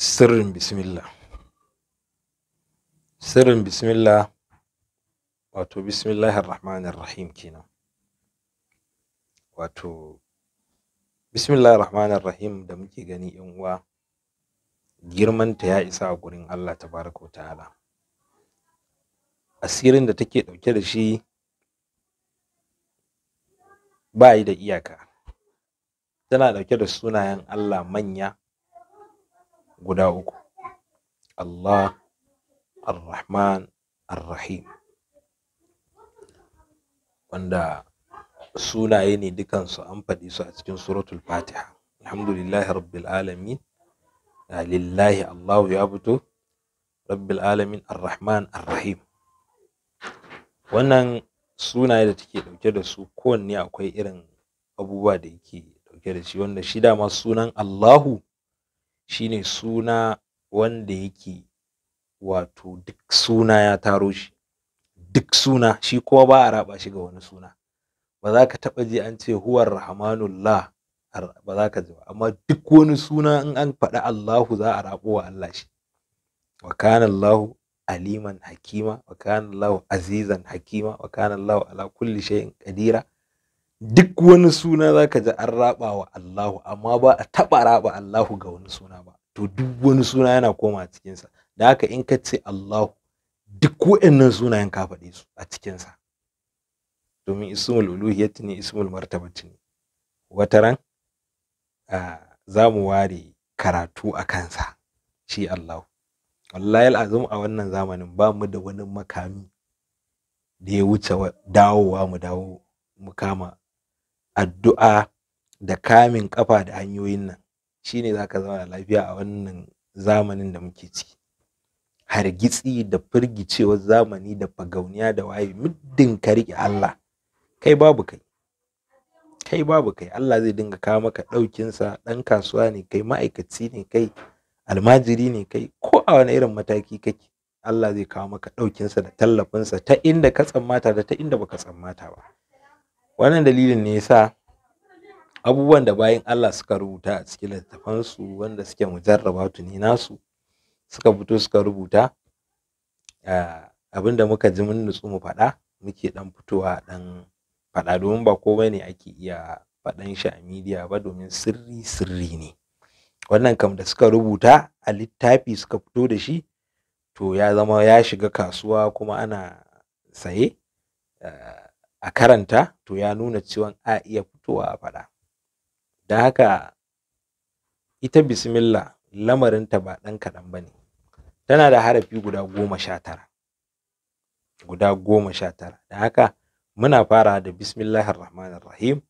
sirrin bismillah sirrin bismillah wato bismillahir rahmanir rahim kenan wato bismillahir rahmanir rahim da muke gani yan uwa girmanta ya isa a gurin Allah tabaraka ta'ala asirin da take dauke da shi ba yi da iyaka tana dauke da sunayen Allah manya guda uku Allah Ar-Rahman Ar-Rahim wanda sunaye ne dukansu an faɗi su a cikin suratul fatiha alhamdulillahi rabbil alamin lillahi Allahu ya fito rabbil alamin ar-rahman ar-rahim wannan sunaye da take dauke da su kowanne akwai irin abubuwa da yake dauke da shi wanda shi dama sunan Allahu shine suna wanda yake wato duk suna ya taro shi duk suna shi kuma ba a raba shi ga wani suna ba za ka taɓa ji an ce huwar rahmanullah ba za ka ji ba amma duk wani suna in an faɗi Allahu za a rabo wa Allah shi wa kana Allahu aliman hakima wa kana Allahu azizan hakima wa kana Allahu ala kulli shay'in qadira duk wani suna za ka ji an raba wa Allahu amma ba a taɓa raba Allahu ga wani suna ba to duk wani suna yana koma cikinsa da haka in ka ce Allahu duk wa'annan sunayen ka faɗe su a cikinsa domin ismul uluhiyyati ne ismul martabati ne ran, za mu ware karatu a kansa shi Allahu wallahi al'azum a wannan zamanin ba mu da wani makami da ya wuce dawowa mu dawo mu kama addu'a da kamin kafa da hanyoyin nan shine zaka da lafiya a wannan zamanin da muke ci. hargitsi da firgicewar zamani da fagauniya da waye muddin ka riƙe Allah kai babu kai kai babu kai Allah zai dinga kawo maka ɗaukinsa ɗan kasuwa ne kai ma'aikaci ne kai almajiri ne kai ko a wani irin mataki kake Allah zai kawo maka ɗaukinsa da tallafinsa ta inda ka tsammata da ta inda baka tsammata ba wannan dalilin ne yasa abubuwan da bayan Allah suka rubuta a cikin littattafansu wanda suke mujarraba tuni nasu suka fito suka rubuta abinda muka ji mun nutsu mu faɗa muke ɗan fitowa ɗan faɗa domin ba komai ne ake iya faɗan shi a midiya ba domin sirri sirri ne wannan kam da suka rubuta a littafi suka fito da shi to ya zama ya shiga kasuwa kuma ana saye a karanta to ya nuna cewa a iya fitowa a faɗa da haka ita bismillah lamarinta ba ɗan kaɗan ba ne tana da harafi guda goma sha tara guda goma sha tara da haka muna fara da bismillahir rahmanir rahim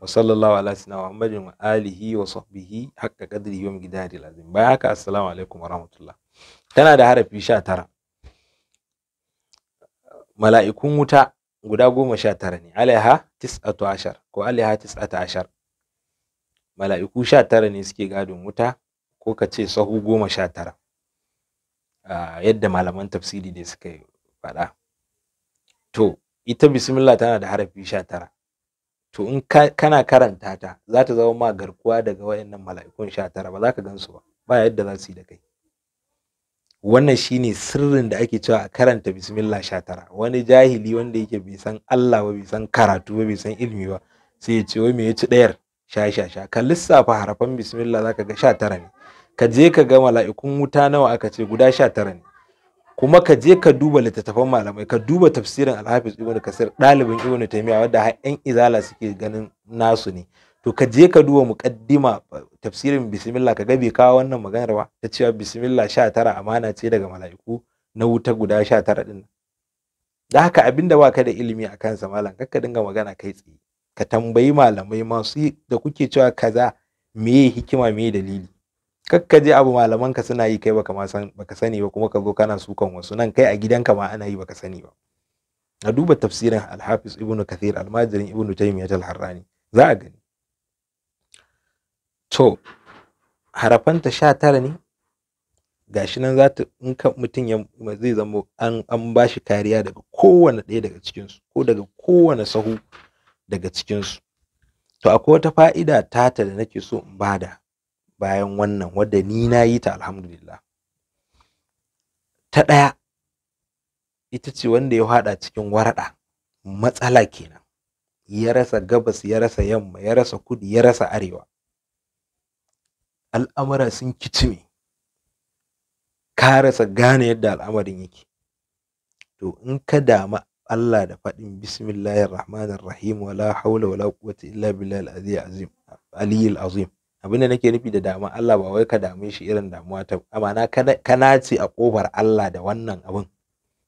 wa sallallahu ala wa muhammadin wa alihi wa sahbihi haqqa qadrihi wa miqdari lazim bayan haka assalamu alaikum wa rahmatullah tana da harafi sha tara mala'ikun wuta guda goma sha tara ne alaiha tis'atu ashar ko alaiha tis'atu ashar mala'iku sha tara ne suke gadon wuta ko ka ce sahu goma sha tara yadda malaman tafsiri ne suka yi faɗa to ita bismillah tana da harafi sha tara to in kana karanta ta za ta zama ma garkuwa daga wayannan mala'ikun sha tara ba za ka gan su ba ba yadda za su yi da kai wannan shine sirrin da ake cewa a karanta bismillah sha tara wani jahili wanda yake bai san Allah ba bai san karatu ba bai san ilimi ba sai ya ce wai me ya ci ɗayar sha sha sha ka lissafa harafan bismillah zaka ga sha tara ne ka je ka ga mala'ikun wuta nawa aka ce guda sha tara ne kuma ka je ka duba littattafan malamai ka duba tafsirin alhafiz ibnu kasir ɗalibin ibnu taymiya wanda har yan izala suke ganin nasu ne to ka je ka duba muqaddima tafsirin bismillah kaga bai kawo wannan maganar ba ta cewa bismillah tara" amana ce daga mala'iku na wuta guda sha tara din da haka abinda baka da ilimi a kansa malam kakka dinga magana kai tsaye ka tambayi malamai masu da kuke cewa kaza meye hikima meye dalili kakka je abu malaman suna yi kai baka ma san baka sani ba kuma ka zo kana sukan wasu nan kai a gidanka ma ana yi baka sani ba a duba tafsirin al-Hafiz Ibn Kathir al-Majirin Ibn Taymiyyah al-Harrani za a gani to harafanta sha tara ne Ga shi nan za ta in ka mutum ya zai zama an an shi kariya daga kowane ɗaya daga cikinsu, ko daga kowane sahu daga cikinsu. to akwai wata fa'ida tata da nake so in ba da bayan wannan wadda ni na yi ta alhamdulillah ta ɗaya ita ce wanda ya haɗa cikin waraɗa matsala kenan ya rasa gabas ya rasa yamma ya rasa kudu ya rasa arewa al'amura sun kicime ka rasa gane yadda al'amarin yake to in ka dama Allah da faɗin bismillahir rahmanir rahim wala haula wala quwwata illa billahil azim aliyil azim abin da nake nufi da dama Allah ba wai ka dame shi irin damuwa ta amana ka nace a kofar Allah da wannan abin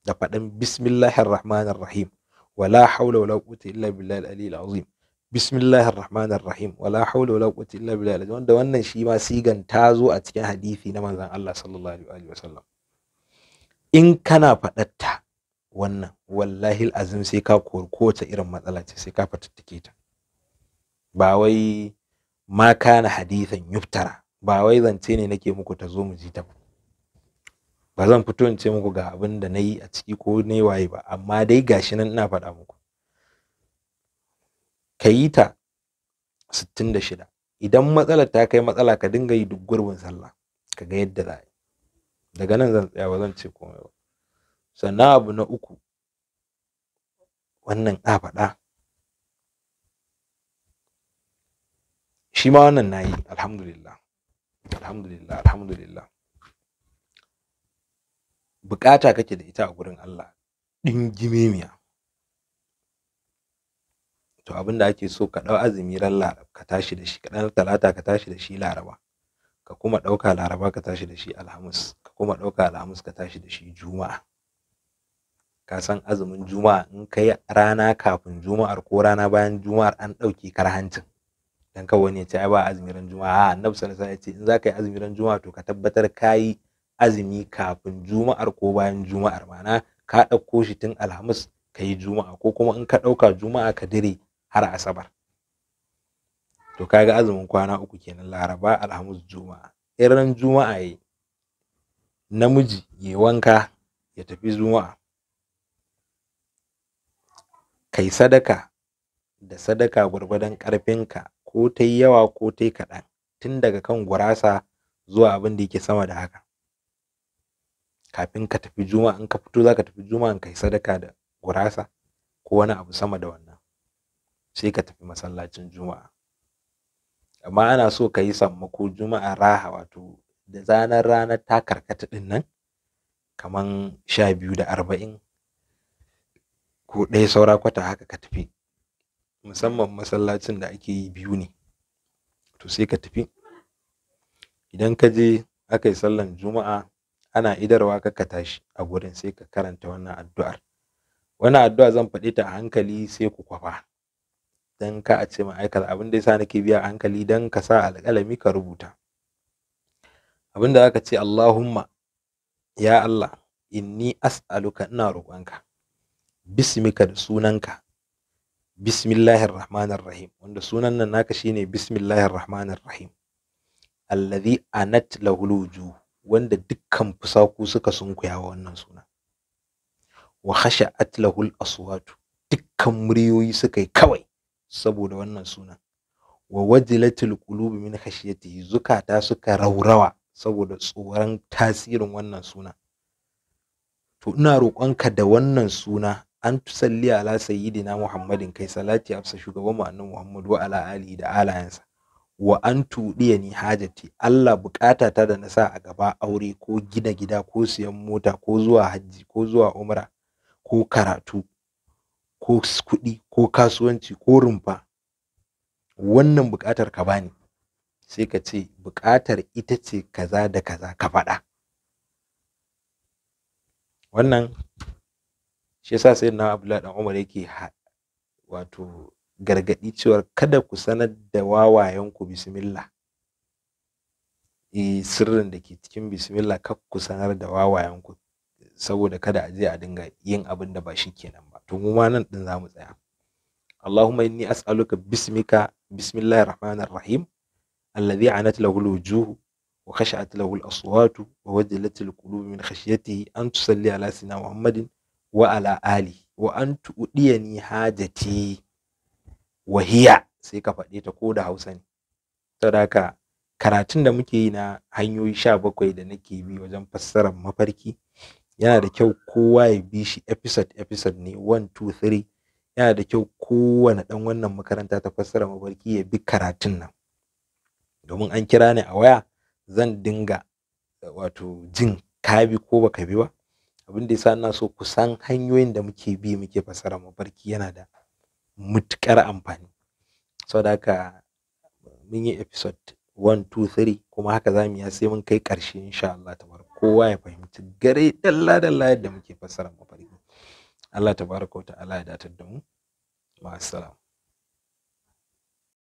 da faɗin bismillahir rahmanir rahim wala haula wala quwwata illa billahil aliyil azim bismillahir rahmanir rahim wala hawla wala quwwata illa billah wanda wannan shi ma sigan ta zo a cikin hadisi na manzon Allah sallallahu alaihi wasallam in kana faɗatta wannan wallahi azim sai ka kowace irin matsala ce sai ka fatattake ta ba wai ma kana hadithan yuftara ba wai zance ne nake muku ta zo mu ji ta ba zan fito in ce muku ga abin da na a ciki ko nayi waye ba amma dai gashi nan ina faɗa muku ka yi ta shida, idan matsalar ta kai matsala ka dinga yi duk gurbin sallah ka ga yadda za yi daga nan zan tsaya ba zan ce komai ba sannan abu na uku wannan a faɗa shi ma wannan na yi alhamdulillah alhamdulillah alhamdulillah bukata kake da ita a gurin Allah ɗin jimimiya. to abinda ake so ka ɗau azumi ran laraba ka tashi da shi ka talata ka tashi da shi laraba ka kuma ɗauka laraba ka tashi da shi alhamis ka kuma ɗauka alhamis ka tashi da shi juma'a ka san azumin juma'a in ka rana kafin juma'ar ko rana bayan juma'ar an ɗauki karhancin dan ka wani ya ce ai ba azumi ran juma'a a annabi sallallahu alaihi wasallam ya ce in za ka yi azumi ran juma'a to ka tabbatar ka yi azumi kafin juma'ar ko bayan juma'ar ma'ana ka ɗauko shi tun alhamis ka yi juma'a ko kuma in ka ɗauka juma'a ka dire har asabar to kaga azumin kwana uku kenan laraba alhamis juma'a Irin juma'a yi namiji ya wanka ya tafi juma'a kai sadaka da sadaka gwargwadon ƙarfinka ko ta yi yawa ko ta yi kaɗan tun daga kan gurasa zuwa abin da yake sama da haka kafin ka tafi juma'a in ka fito za ka tafi juma'a kai sadaka da gurasa ko wani abu sama da wannan sai ka tafi masallacin juma'a amma ana so ka yi sammako juma'a raha wato da zanar ranar ta karkata din nan kaman sha biyu da arba'in ko ɗaya saura kwata haka ka tafi musamman masallacin da ake yi biyu ne to sai ka tafi idan ka je aka yi sallan juma'a ana idarwa ka ka tashi a gurin sai ka karanta wannan addu'ar wannan addu'a zan faɗi ta a hankali sai ku kwafa don ka a ce ma aikata abin da yasa nake biya hankali don ka sa alƙalami ka rubuta abin da aka ce Allahumma ya Allah inni as'aluka ina roƙonka bismika da sunanka bismillahir rahmanir rahim wanda sunan nan naka shine bismillahir rahmanir rahim alladhi anat lahul wanda dukkan fusaku suka sunkuya wa wannan sunan wa khasha'at lahul aswatu dukkan muryoyi suka yi kawai saboda wannan suna, wa wajilatil qulubi min khashyatihi zukata suka raurawa saboda tsoron tasirin wannan suna to ina roƙonka da wannan suna an tusalli ala sayyidina muhammadin kai salati afsa shugaban mu annabi muhammad wa ala alihi da alayansa wa an tuɗiya ni hajati Allah bukata ta da na sa a gaba aure ko gina gida ko siyan mota ko zuwa hajji ko zuwa umra ko karatu ko kuɗi ko kasuwanci ko rumfa wannan buƙatar ka bani sai ka ce buƙatar ita ce kaza da kaza ka faɗa wannan shi yasa sai na abdullahi dan umar yake wato gargaɗi cewa kada ku sanar da wawayenku bismillah eh, e sirrin da ke cikin bismillah kar ku sanar da wawayenku saboda kada a je a dinga yin abin da ba shi kenan ba to mu ma nan din za mu tsaya Allahumma inni as'aluka bismika bismillahir rahmanir rahim alladhi anat lahu wujuh wa khashat lahu al-aswat wa wajilat al-qulub min khashyatihi an tusalli ala sina muhammadin wa ala ali wa an tu'diyani hajati wa hiya sai ka faɗe ta ko da Hausa ne saboda karatun da muke yi na hanyoyi sha bakwai da nake bi wajen fassarar mafarki yana da kyau kowa ya bi shi episode episode ne 1 2 3 yana da kyau kowane dan wannan makaranta ta fassara mabarki ya bi karatun nan domin an kira ni a waya zan dinga eh, wato jin ka bi ko baka bi ba abin da yasa ina so ku san hanyoyin da muke bi muke fassara mabarki yana da mutukar amfani da haka mun yi episode 1 2 3 kuma haka zamu ya sai mun kai karshe insha Allah tabaraka kowa ya fahimci gare dalla dalla yadda muke fassara mafarki Allah tabaraka wa ta'ala ya datar da mu ma